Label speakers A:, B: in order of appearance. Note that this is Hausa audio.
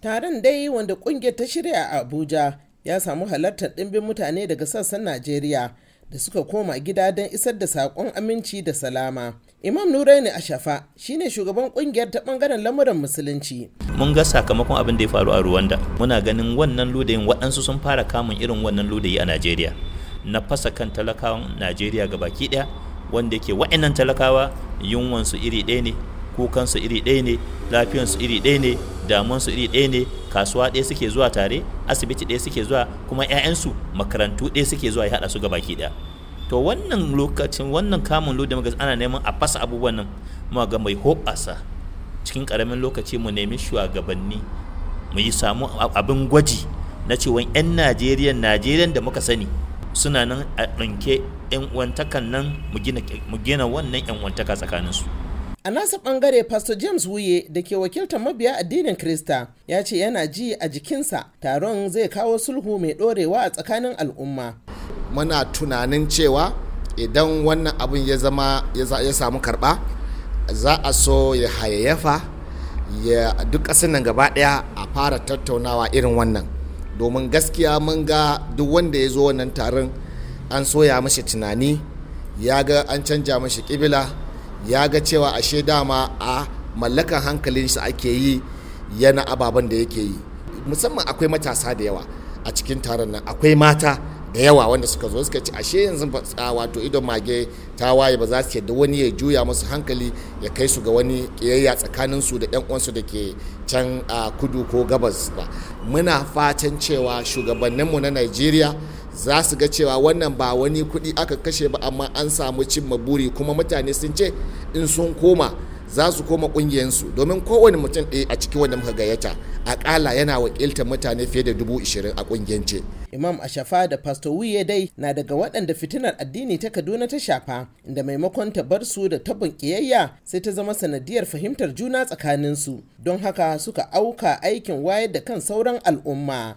A: Taron dai wanda kungiyar ta shirya a Abuja ya samu halartar ɗimbin mutane daga sassan Najeriya da suka koma gida don isar da sakon aminci da salama. Imam Nuraini Ashafa shine shugaban kungiyar ta bangaren lamuran musulunci.
B: Mun ga sakamakon abin da ya faru a ruwanda Muna ganin wannan ludayin waɗansu sun fara kamun irin wannan ludayi a Najeriya. Na fasa kan talakawan Najeriya ga baki ɗaya wanda yake wa'inan talakawa yunwansu iri ɗaya ne, kukansu iri ɗaya ne, lafiyansu iri ɗaya ne, damuwansu iri ɗaya ne kasuwa ɗaya suke zuwa tare asibiti ɗaya suke zuwa kuma 'ya'yansu makarantu ɗaya suke zuwa ya haɗa su gabaki ɗaya to wannan lokacin wannan kamun lodi magas ana neman a fasa abubuwan nan mu ga mai hoɓasa cikin ƙaramin lokaci mu nemi shugabanni mu yi samu abin gwaji na cewa 'yan najeriya najeriyan da muka sani suna nan a ɗanke 'yan wantakan nan mu gina wannan 'yan wantaka tsakaninsu
A: A nasa bangare Pastor James Wuye da ke wakiltar mabiya addinin Krista ya ce yana ji a jikinsa taron zai kawo sulhu mai ɗorewa a tsakanin al'umma. Muna tunanin cewa idan wannan abin ya zama ya samu karɓa
C: za a so ya hayayyafa ya duk ƙasar nan gaba ɗaya a fara tattaunawa irin wannan domin gaskiya mun ga duk wanda ya zo wannan taron an soya mashi tunani ya ga an canja mashi ƙibila ya ga cewa ashe dama a mallakan hankalinsa ake yi yana ababen da yake yi musamman akwai matasa da yawa a cikin taron nan akwai mata da yawa wanda suka zo suka ci. ashe yanzu wato idon mage ta waye ba za su yadda wani ya juya musu hankali ya kai su ga wani kiyayya tsakanin su da yan uwansu da ke can kudu ko gabas ba muna fatan cewa shugabanninmu na Najeriya za su ga cewa wannan ba wani kuɗi aka kashe ba amma an samu cimma buri kuma mutane sun ce in sun koma za su koma ƙungiyarsu domin kowane mutum ɗaya a cikin wanda muka gayyata akala yana wakiltar mutane fiye da dubu ishirin a ce.
A: imam ashafa da pastor wiye dai na daga waɗanda fitinar addini ta kaduna ta shafa inda maimakon ta bar su da tabbin ƙiyayya sai ta zama sanadiyar fahimtar juna tsakaninsu don haka suka auka aikin wayar da kan sauran al'umma